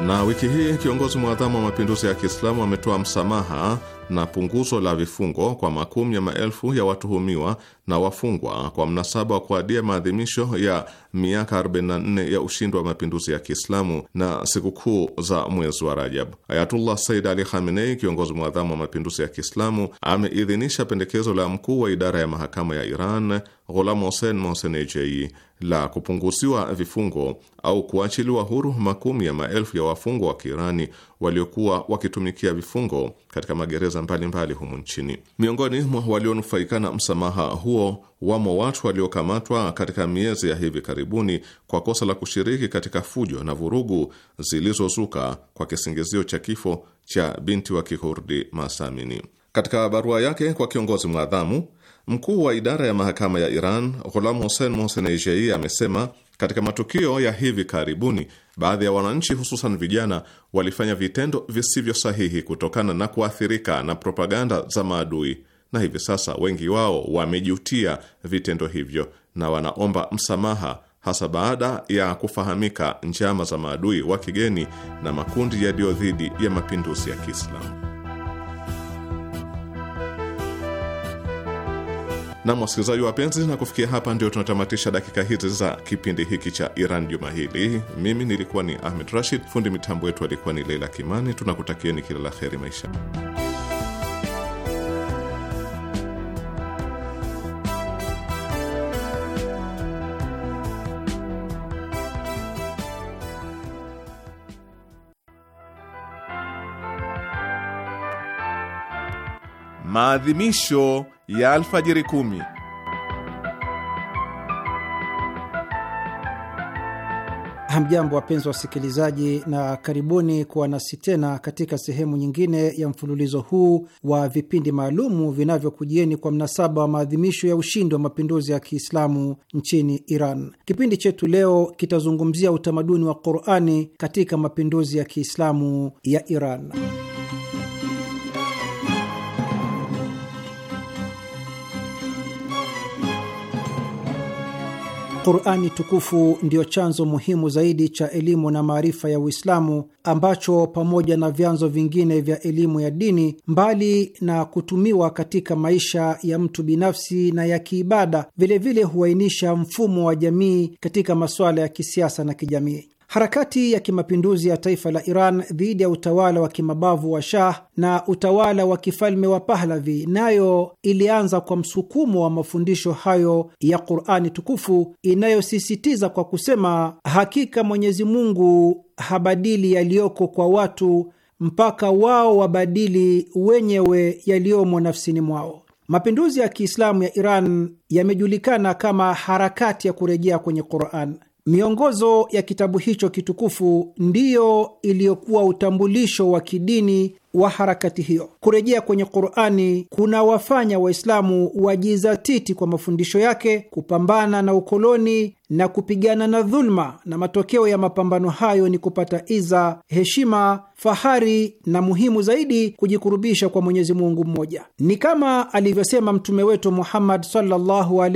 Na wiki hii kiongozi mwadhamu wa mapinduzi ya Kiislamu ametoa msamaha na punguzo la vifungo kwa makumi ya maelfu ya watuhumiwa na wafungwa kwa mnasaba wa kuadia maadhimisho ya miaka 44 ya ushindi wa mapinduzi ya Kiislamu na sikukuu za mwezi wa Rajab. Ayatullah Said Ali Khamenei, kiongozi mwadhamu wa mapinduzi ya Kiislamu, ameidhinisha pendekezo la mkuu wa idara ya mahakama ya Iran Ghulam Hosen Mosenejei la kupunguziwa vifungo au kuachiliwa huru makumi ya maelfu ya wafungwa wa Kiirani waliokuwa wakitumikia vifungo katika magereza mbalimbali humu nchini. Miongoni mwa walionufaika na msamaha huo wamo watu waliokamatwa katika miezi ya hivi karibuni kwa kosa la kushiriki katika fujo na vurugu zilizozuka kwa kisingizio cha kifo cha binti wa Kikurdi Masamini. Katika barua yake kwa kiongozi mwadhamu Mkuu wa idara ya mahakama ya Iran Ghulam Hussein Mohsenejei amesema katika matukio ya hivi karibuni, baadhi ya wananchi hususan vijana walifanya vitendo visivyo sahihi kutokana na kuathirika na propaganda za maadui, na hivi sasa wengi wao wamejutia vitendo hivyo na wanaomba msamaha, hasa baada ya kufahamika njama za maadui wa kigeni na makundi yaliyo dhidi ya mapinduzi ya Kiislamu. Nam wasikilizaji wapenzi, na kufikia hapa ndio tunatamatisha dakika hizi za kipindi hiki cha Iran juma hili. Mimi nilikuwa ni Ahmed Rashid, fundi mitambo wetu alikuwa ni Leila Kimani. Tunakutakieni kila la kheri maisha maadhimisho ya alfajiri kumi Hamjambo, wapenzi wasikilizaji, na karibuni kuwa nasi tena katika sehemu nyingine ya mfululizo huu wa vipindi maalumu vinavyokujieni kwa mnasaba wa maadhimisho ya ushindi wa mapinduzi ya Kiislamu nchini Iran. Kipindi chetu leo kitazungumzia utamaduni wa Qurani katika mapinduzi ya Kiislamu ya Iran. Qurani tukufu ndiyo chanzo muhimu zaidi cha elimu na maarifa ya Uislamu ambacho pamoja na vyanzo vingine vya elimu ya dini, mbali na kutumiwa katika maisha ya mtu binafsi na ya kiibada, vilevile huainisha mfumo wa jamii katika masuala ya kisiasa na kijamii. Harakati ya kimapinduzi ya taifa la Iran dhidi ya utawala wa kimabavu wa Shah na utawala wa kifalme wa Pahlavi nayo ilianza kwa msukumo wa mafundisho hayo ya Qurani tukufu inayosisitiza kwa kusema, hakika Mwenyezi Mungu habadili yaliyoko kwa watu mpaka wao wabadili wenyewe yaliyomo nafsini mwao. Mapinduzi ya Kiislamu ya Iran yamejulikana kama harakati ya kurejea kwenye Quran. Miongozo ya kitabu hicho kitukufu ndiyo iliyokuwa utambulisho wa kidini wa harakati hiyo. Kurejea kwenye Qurani kunawafanya Waislamu wajizatiti kwa mafundisho yake, kupambana na ukoloni na kupigana na dhuluma, na matokeo ya mapambano hayo ni kupata iza, heshima, fahari na muhimu zaidi, kujikurubisha kwa Mwenyezi Mungu mmoja. Ni kama alivyosema mtume wetu Muhammad sallallahu wa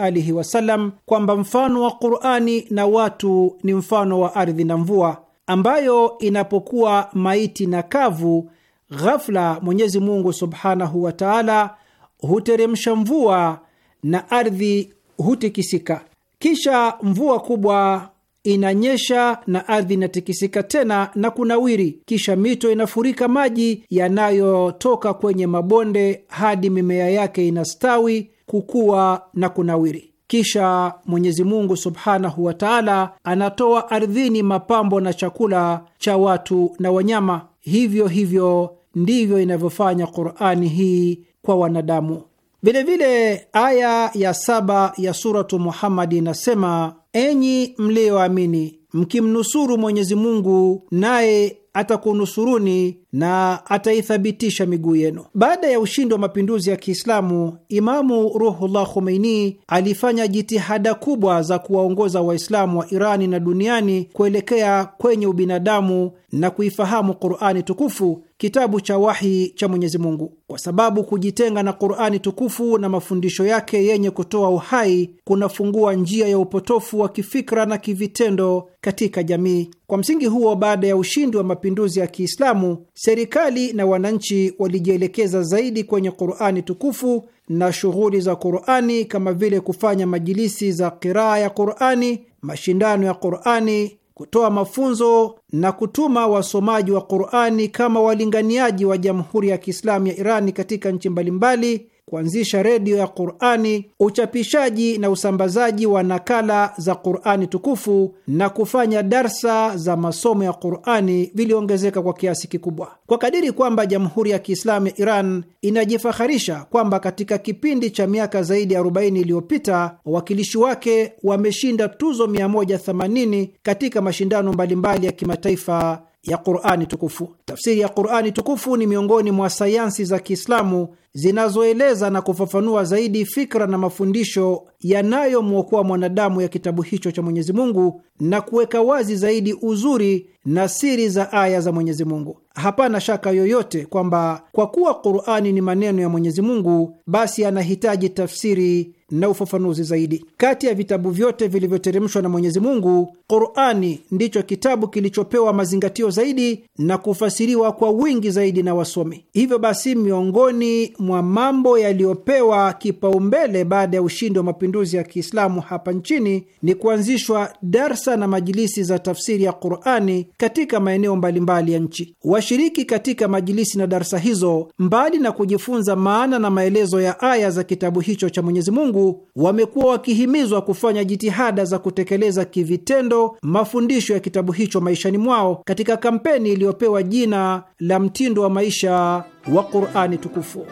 alihi wasallam kwamba mfano wa Qurani na watu ni mfano wa ardhi na mvua ambayo inapokuwa maiti na kavu Ghafla Mwenyezi Mungu subhanahu wa taala huteremsha mvua na ardhi hutikisika, kisha mvua kubwa inanyesha na ardhi inatikisika tena na kunawiri, kisha mito inafurika maji yanayotoka kwenye mabonde hadi mimea yake inastawi, kukua na kunawiri. Kisha Mwenyezi Mungu subhanahu wa taala anatoa ardhini mapambo na chakula cha watu na wanyama. Hivyo hivyo ndivyo inavyofanya Qurani hii kwa wanadamu. Vilevile aya ya saba ya suratu Muhammadi inasema, enyi mliyoamini mkimnusuru Mwenyezi Mungu naye atakunusuruni na ataithabitisha miguu yenu. Baada ya ushindi wa mapinduzi ya Kiislamu, Imamu Ruhullah Khomeini alifanya jitihada kubwa za kuwaongoza Waislamu wa Irani na duniani kuelekea kwenye ubinadamu na kuifahamu Qurani tukufu, kitabu cha wahi cha Mwenyezi Mungu, kwa sababu kujitenga na Qurani tukufu na mafundisho yake yenye kutoa uhai kunafungua njia ya upotofu wa kifikra na kivitendo katika jamii. Kwa msingi huo, baada ya ushindi wa mapinduzi ya Kiislamu, serikali na wananchi walijielekeza zaidi kwenye Qurani tukufu na shughuli za Qurani kama vile kufanya majilisi za qiraa ya Qurani, mashindano ya Qurani, kutoa mafunzo na kutuma wasomaji wa Qurani kama walinganiaji wa Jamhuri ya Kiislamu ya Irani katika nchi mbalimbali kuanzisha redio ya Qurani, uchapishaji na usambazaji wa nakala za Qurani tukufu na kufanya darsa za masomo ya Qurani viliongezeka kwa kiasi kikubwa, kwa kadiri kwamba Jamhuri ya Kiislamu ya Iran inajifaharisha kwamba katika kipindi cha miaka zaidi ya 40 iliyopita wawakilishi wake wameshinda tuzo 180 katika mashindano mbalimbali ya kimataifa ya Qurani tukufu. Tafsiri ya Qurani tukufu ni miongoni mwa sayansi za Kiislamu zinazoeleza na kufafanua zaidi fikra na mafundisho yanayomwokoa mwanadamu ya kitabu hicho cha Mwenyezi Mungu na kuweka wazi zaidi uzuri na siri za aya za Mwenyezi Mungu. Hapana shaka yoyote kwamba kwa kuwa Qurani ni maneno ya Mwenyezi Mungu, basi anahitaji tafsiri na ufafanuzi zaidi. Kati ya vitabu vyote vilivyoteremshwa na Mwenyezi Mungu, Qurani ndicho kitabu kilichopewa mazingatio zaidi na kufasiriwa kwa wingi zaidi na wasomi. Hivyo basi, miongoni mwa mambo yaliyopewa kipaumbele baada ya ushindi wa mapinduzi ya Kiislamu hapa nchini ni kuanzishwa darsa na majilisi za tafsiri ya Qurani katika maeneo mbalimbali ya nchi. Washiriki katika majilisi na darsa hizo, mbali na kujifunza maana na maelezo ya aya za kitabu hicho cha Mwenyezi Mungu wamekuwa wakihimizwa kufanya jitihada za kutekeleza kivitendo mafundisho ya kitabu hicho maishani mwao katika kampeni iliyopewa jina la mtindo wa maisha wa Qur'ani tukufu.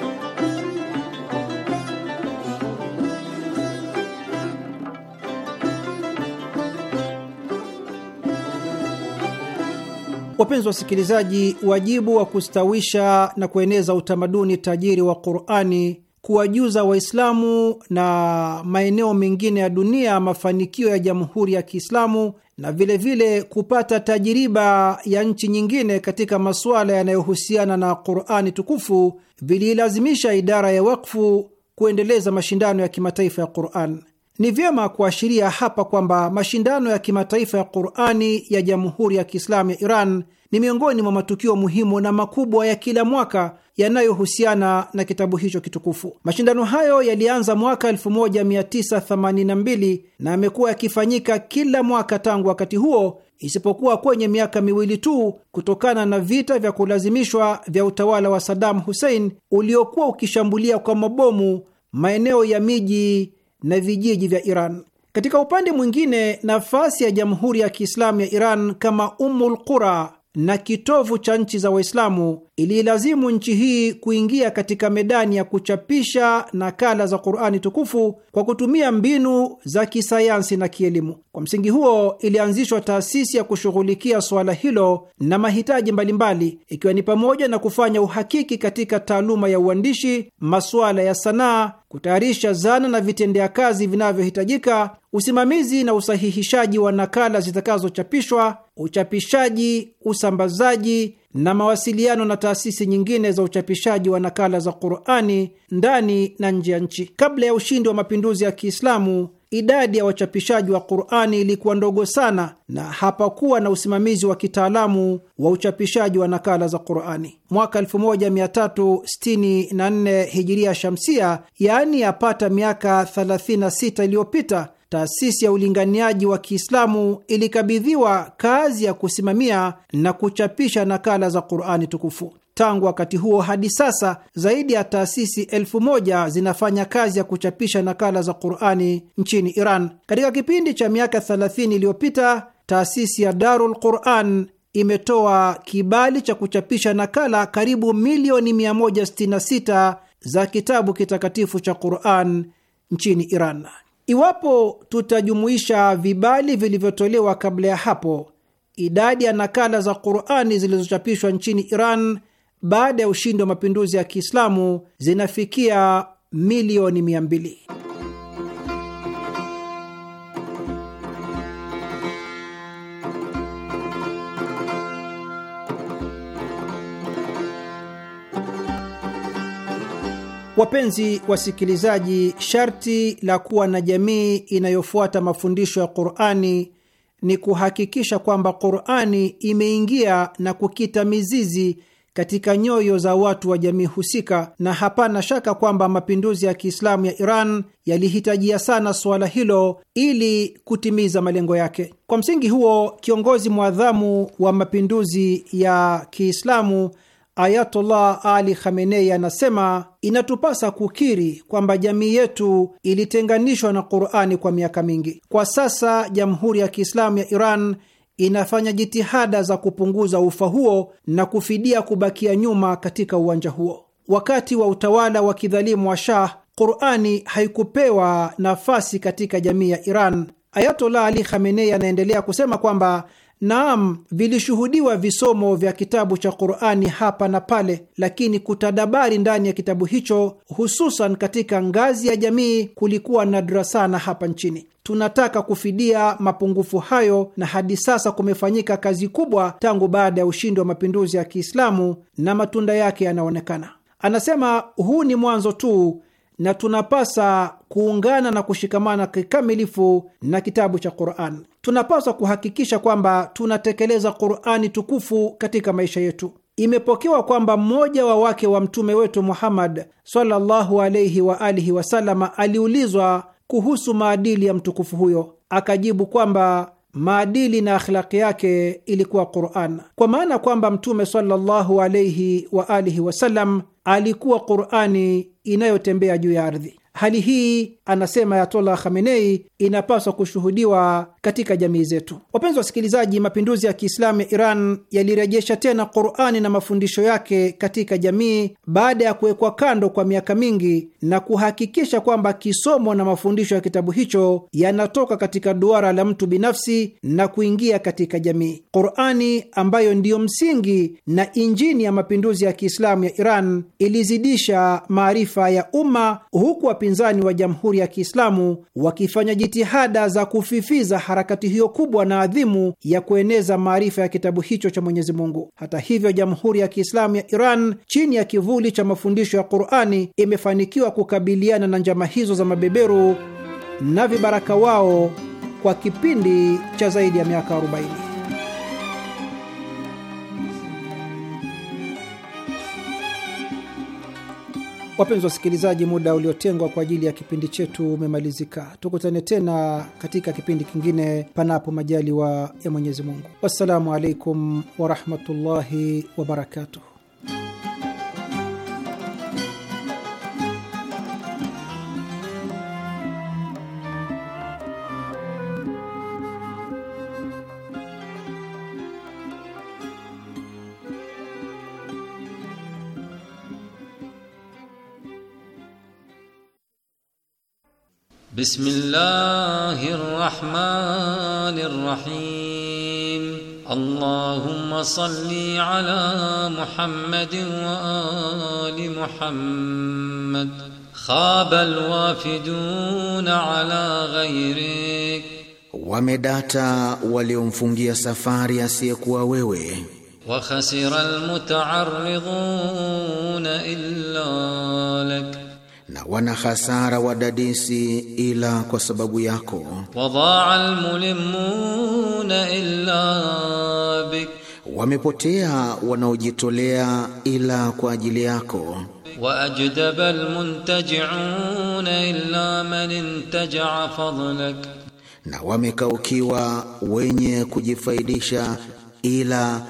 Wapenzi wasikilizaji, wajibu wa kustawisha na kueneza utamaduni tajiri wa Qur'ani kuwajuza Waislamu na maeneo mengine ya dunia mafanikio ya Jamhuri ya Kiislamu na vilevile vile kupata tajiriba ya nchi nyingine katika masuala yanayohusiana na Qurani tukufu viliilazimisha idara ya wakfu kuendeleza mashindano ya kimataifa ya Quran. Ni vyema kuashiria hapa kwamba mashindano ya kimataifa ya Qurani ya Jamhuri ya Kiislamu ya Iran ni miongoni mwa matukio muhimu na makubwa ya kila mwaka yanayohusiana na kitabu hicho kitukufu. Mashindano hayo yalianza mwaka 1982 na yamekuwa yakifanyika kila mwaka tangu wakati huo, isipokuwa kwenye miaka miwili tu kutokana na vita vya kulazimishwa vya utawala wa Saddam Hussein uliokuwa ukishambulia kwa mabomu maeneo ya miji na vijiji vya Iran. Katika upande mwingine, nafasi ya Jamhuri ya Kiislamu ya Iran kama Ummul Qura na kitovu cha nchi za Waislamu, ililazimu nchi hii kuingia katika medani ya kuchapisha nakala za Qurani tukufu kwa kutumia mbinu za kisayansi na kielimu. Kwa msingi huo, ilianzishwa taasisi ya kushughulikia suala hilo na mahitaji mbalimbali, ikiwa ni pamoja na kufanya uhakiki katika taaluma ya uandishi, masuala ya sanaa kutayarisha zana na vitendea kazi vinavyohitajika, usimamizi na usahihishaji wa nakala zitakazochapishwa, uchapishaji, usambazaji na mawasiliano na taasisi nyingine za uchapishaji wa nakala za Qurani ndani na nje ya nchi. Kabla ya ushindi wa mapinduzi ya Kiislamu, idadi ya wachapishaji wa Qurani ilikuwa ndogo sana na hapakuwa na usimamizi wa kitaalamu wa uchapishaji wa nakala za Qurani. Mwaka 1364 hijiria shamsia, yaani yapata miaka 36 iliyopita, taasisi ya ulinganiaji wa Kiislamu ilikabidhiwa kazi ya kusimamia na kuchapisha nakala za Qurani tukufu. Tangu wakati huo hadi sasa zaidi ya taasisi elfu moja zinafanya kazi ya kuchapisha nakala za Qurani nchini Iran. Katika kipindi cha miaka 30 iliyopita, taasisi ya Darul Quran imetoa kibali cha kuchapisha nakala karibu milioni 166 za kitabu kitakatifu cha Quran nchini Iran. Iwapo tutajumuisha vibali vilivyotolewa kabla ya hapo, idadi ya nakala za Qurani zilizochapishwa nchini Iran baada ya ushindi wa mapinduzi ya Kiislamu zinafikia milioni mia mbili. Wapenzi wasikilizaji, sharti la kuwa na jamii inayofuata mafundisho ya Qur'ani ni kuhakikisha kwamba Qur'ani imeingia na kukita mizizi katika nyoyo za watu wa jamii husika, na hapana shaka kwamba mapinduzi ya Kiislamu ya Iran yalihitajia sana suala hilo ili kutimiza malengo yake. Kwa msingi huo, kiongozi mwadhamu wa mapinduzi ya Kiislamu Ayatollah Ali Khamenei anasema inatupasa kukiri kwamba jamii yetu ilitenganishwa na Qurani kwa miaka mingi. Kwa sasa Jamhuri ya Kiislamu ya Iran inafanya jitihada za kupunguza ufa huo na kufidia kubakia nyuma katika uwanja huo. Wakati wa utawala wa kidhalimu wa Shah, Qurani haikupewa nafasi katika jamii ya Iran. Ayatollah Ali Khamenei anaendelea kusema kwamba Naam, vilishuhudiwa visomo vya kitabu cha Qur'ani hapa na pale, lakini kutadabari ndani ya kitabu hicho, hususan katika ngazi ya jamii, kulikuwa nadra sana hapa nchini. Tunataka kufidia mapungufu hayo, na hadi sasa kumefanyika kazi kubwa tangu baada ya ushindi wa mapinduzi ya Kiislamu na matunda yake yanaonekana. Anasema huu ni mwanzo tu na tunapasa kuungana na kushikamana kikamilifu na kitabu cha Quran. Tunapaswa kuhakikisha kwamba tunatekeleza Qurani tukufu katika maisha yetu. Imepokewa kwamba mmoja wa wake wa mtume wetu Muhammad sallallahu wa alihi aliulizwa kuhusu maadili ya mtukufu huyo, akajibu kwamba maadili na akhlaqi yake ilikuwa Quran, kwa maana kwamba mtume sallallahu wa alihi wasallam alikuwa Qurani inayotembea juu ya ardhi. Hali hii, anasema Ayatollah Khamenei, inapaswa kushuhudiwa katika jamii zetu. Wapenzi wasikilizaji, mapinduzi ya Kiislamu ya Iran yalirejesha tena Qurani na mafundisho yake katika jamii baada ya kuwekwa kando kwa miaka mingi na kuhakikisha kwamba kisomo na mafundisho ya kitabu hicho yanatoka katika duara la mtu binafsi na kuingia katika jamii. Qurani ambayo ndiyo msingi na injini ya mapinduzi ya Kiislamu ya Iran ilizidisha maarifa ya umma huku upinzani wa Jamhuri ya Kiislamu wakifanya jitihada za kufifiza harakati hiyo kubwa na adhimu ya kueneza maarifa ya kitabu hicho cha Mwenyezi Mungu. Hata hivyo, Jamhuri ya Kiislamu ya Iran chini ya kivuli cha mafundisho ya Qur'ani imefanikiwa kukabiliana na njama hizo za mabeberu na vibaraka wao kwa kipindi cha zaidi ya miaka 40. Wapenzi wasikilizaji, muda uliotengwa kwa ajili ya kipindi chetu umemalizika. Tukutane tena katika kipindi kingine, panapo majaliwa ya Mwenyezi Mungu. Wassalamu alaikum warahmatullahi wabarakatuh. بسم الله الرحمن الرحيم اللهم صل على محمد وآل محمد خاب الوافدون على غيرك ومداتا waliomfungia safari asiyekuwa wewe وخسر المتعرضون إلا لك na wana hasara wadadisi ila kwa sababu yako. Wadaa almulimuna illa bik, wamepotea wanaojitolea ila kwa ajili yako. Wa ajdaba almuntajiuna illa man intaja fadlak, na wamekaukiwa wenye kujifaidisha ila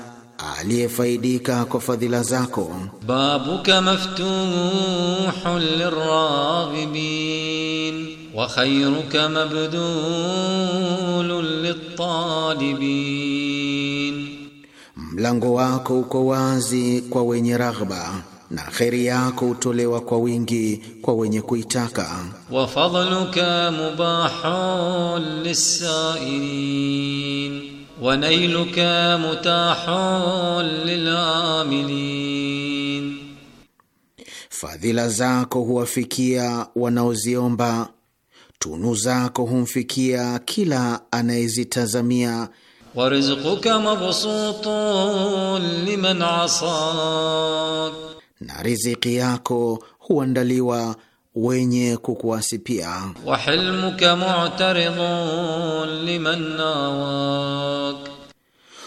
aliyefaidika kwa fadhila zako. babuka maftuhun liraghibin wa khayruka mabdulun litalibin, mlango wako uko wazi kwa wenye raghba na kheri yako hutolewa kwa wingi kwa wenye kuitaka. wa fadhluka mubahun lisailin ونيلك متاح للعاملين fadhila zako huwafikia wanaoziomba, tunu zako humfikia kila anayezitazamia. warizquka mabsutun liman asak, na riziki yako huandaliwa wenye kukuasi pia. wa hilmuka mu'taridun liman nawak,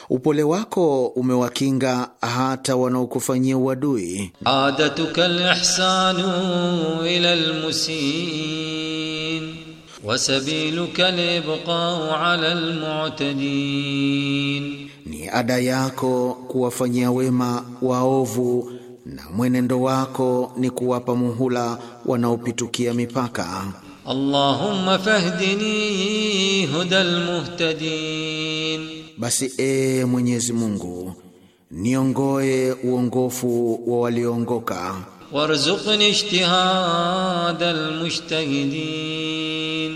upole wako umewakinga hata wanaokufanyia uadui. adatuka alihsanu ila almusin wa sabiluka libqa ala almu'tadin, ni ada yako kuwafanyia wema waovu na mwenendo wako ni kuwapa muhula wanaopitukia mipaka. Allahumma fahdini hudal muhtadin, basi e Mwenyezi Mungu niongoe uongofu wa walioongoka. Warzuqni ijtihadal mujtahidin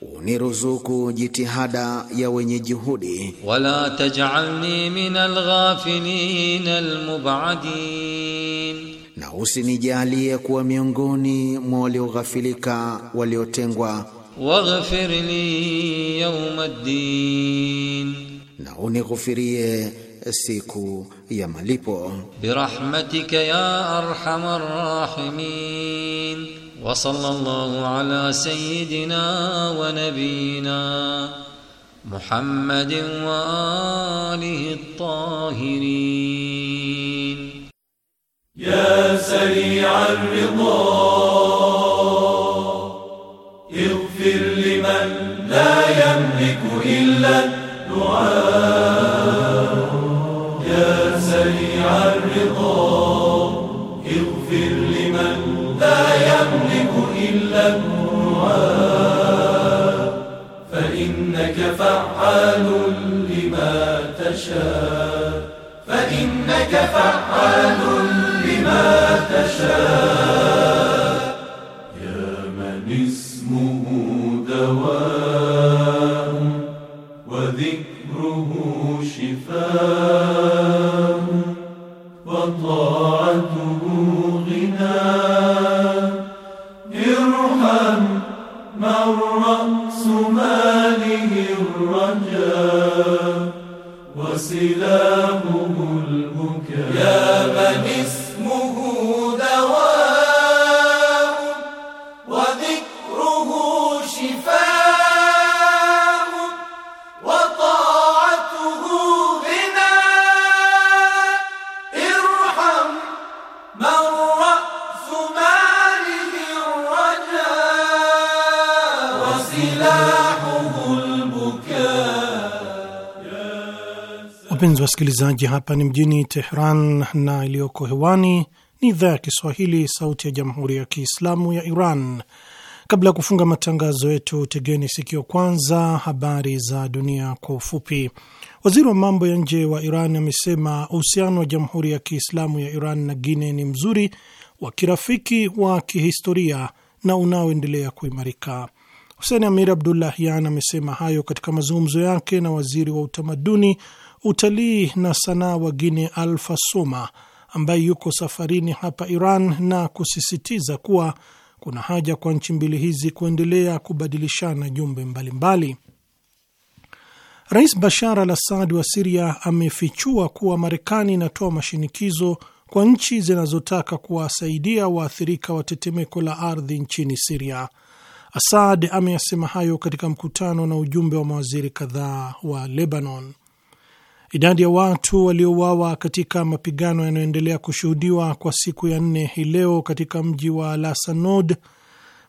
uniruzuku jitihada ya wenye juhudi. Wala taj'alni min alghafilin almub'adin, na usinijalie kuwa miongoni mwa walioghafilika waliotengwa. Waghfir li yawm ad-din, na unighufirie siku ya malipo. Birahmatika ya arhamar rahimin وصلى الله على سيدنا ونبينا محمد وآله الطاهرين يا سريع الرضا اغفر لمن لا يملك إلا الدعاء يا سريع الرضا الأبواب فإنك فعال لما تشاء فإنك فعال لما تشاء يا من اسمه دواء وذكره شفاء الرجاء وسلاحه البكاء Wapenzi wasikilizaji, hapa ni mjini Tehran na iliyoko hewani ni idhaa ya Kiswahili, sauti ya jamhuri ya kiislamu ya Iran. Kabla ya kufunga matangazo yetu, tegeni sikio kwanza habari za dunia kwa ufupi. Waziri wa mambo ya nje wa Iran amesema uhusiano wa jamhuri ya kiislamu ya Iran na Guinea ni mzuri, wa kirafiki, wa kihistoria na unaoendelea kuimarika. husen Amir Abdullahian amesema hayo katika mazungumzo yake na waziri wa utamaduni utalii na sanaa wa Guinea Alpha Suma ambaye yuko safarini hapa Iran na kusisitiza kuwa kuna haja kwa nchi mbili hizi kuendelea kubadilishana jumbe mbalimbali. Rais Bashar al Assad wa Siria amefichua kuwa Marekani inatoa mashinikizo kwa nchi zinazotaka kuwasaidia waathirika wa tetemeko la ardhi nchini Siria. Assad ameyasema hayo katika mkutano na ujumbe wa mawaziri kadhaa wa Lebanon. Idadi ya watu waliouawa katika mapigano yanayoendelea kushuhudiwa kwa siku ya nne hii leo katika mji wa Lasanod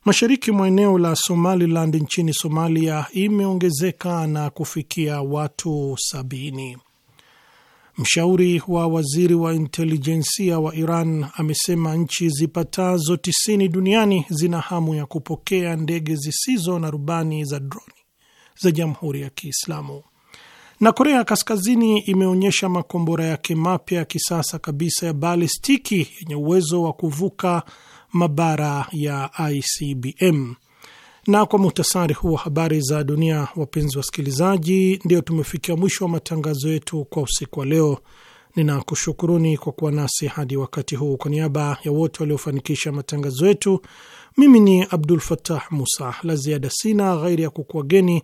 mashariki mwa eneo la Somaliland nchini Somalia imeongezeka na kufikia watu sabini. Mshauri wa waziri wa intelijensia wa Iran amesema nchi zipatazo tisini duniani zina hamu ya kupokea ndege zisizo na rubani za droni za Jamhuri ya Kiislamu. Na Korea Kaskazini imeonyesha makombora yake mapya ya kisasa kabisa ya balistiki yenye uwezo wa kuvuka mabara ya ICBM. Na kwa muhtasari huu wa habari za dunia, wapenzi wasikilizaji, ndio tumefikia mwisho wa matangazo yetu kwa usiku wa leo. Ninakushukuruni kwa kuwa nasi hadi wakati huu. Kwa niaba ya wote waliofanikisha matangazo yetu, mimi ni Abdul Fatah Musa. La ziada sina ghairi ya kukuageni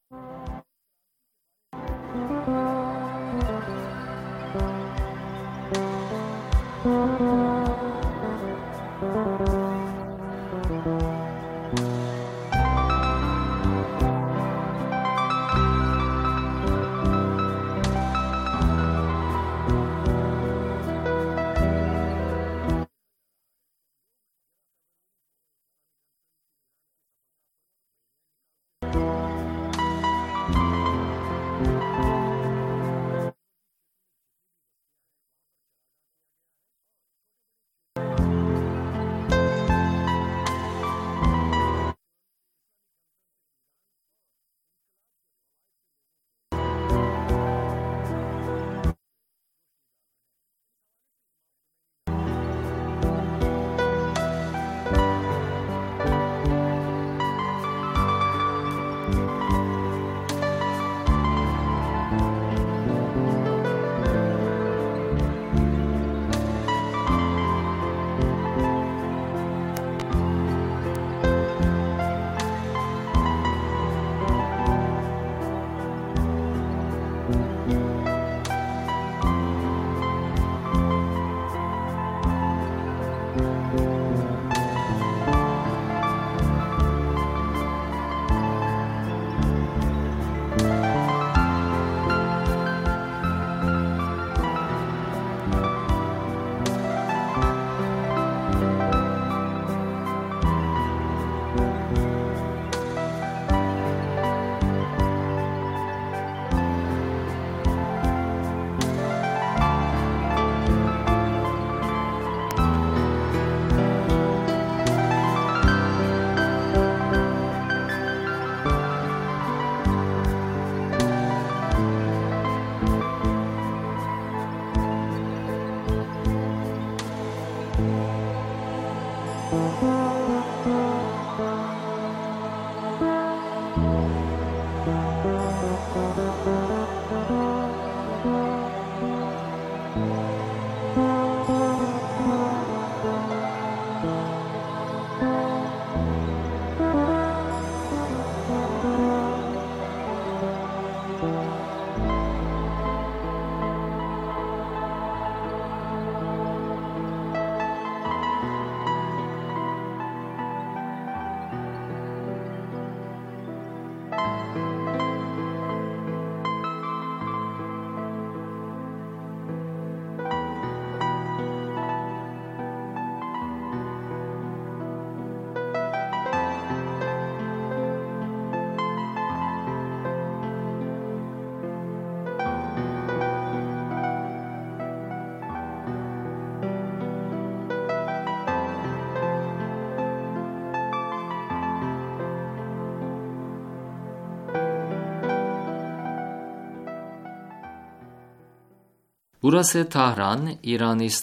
Burası Tahran, İran İslam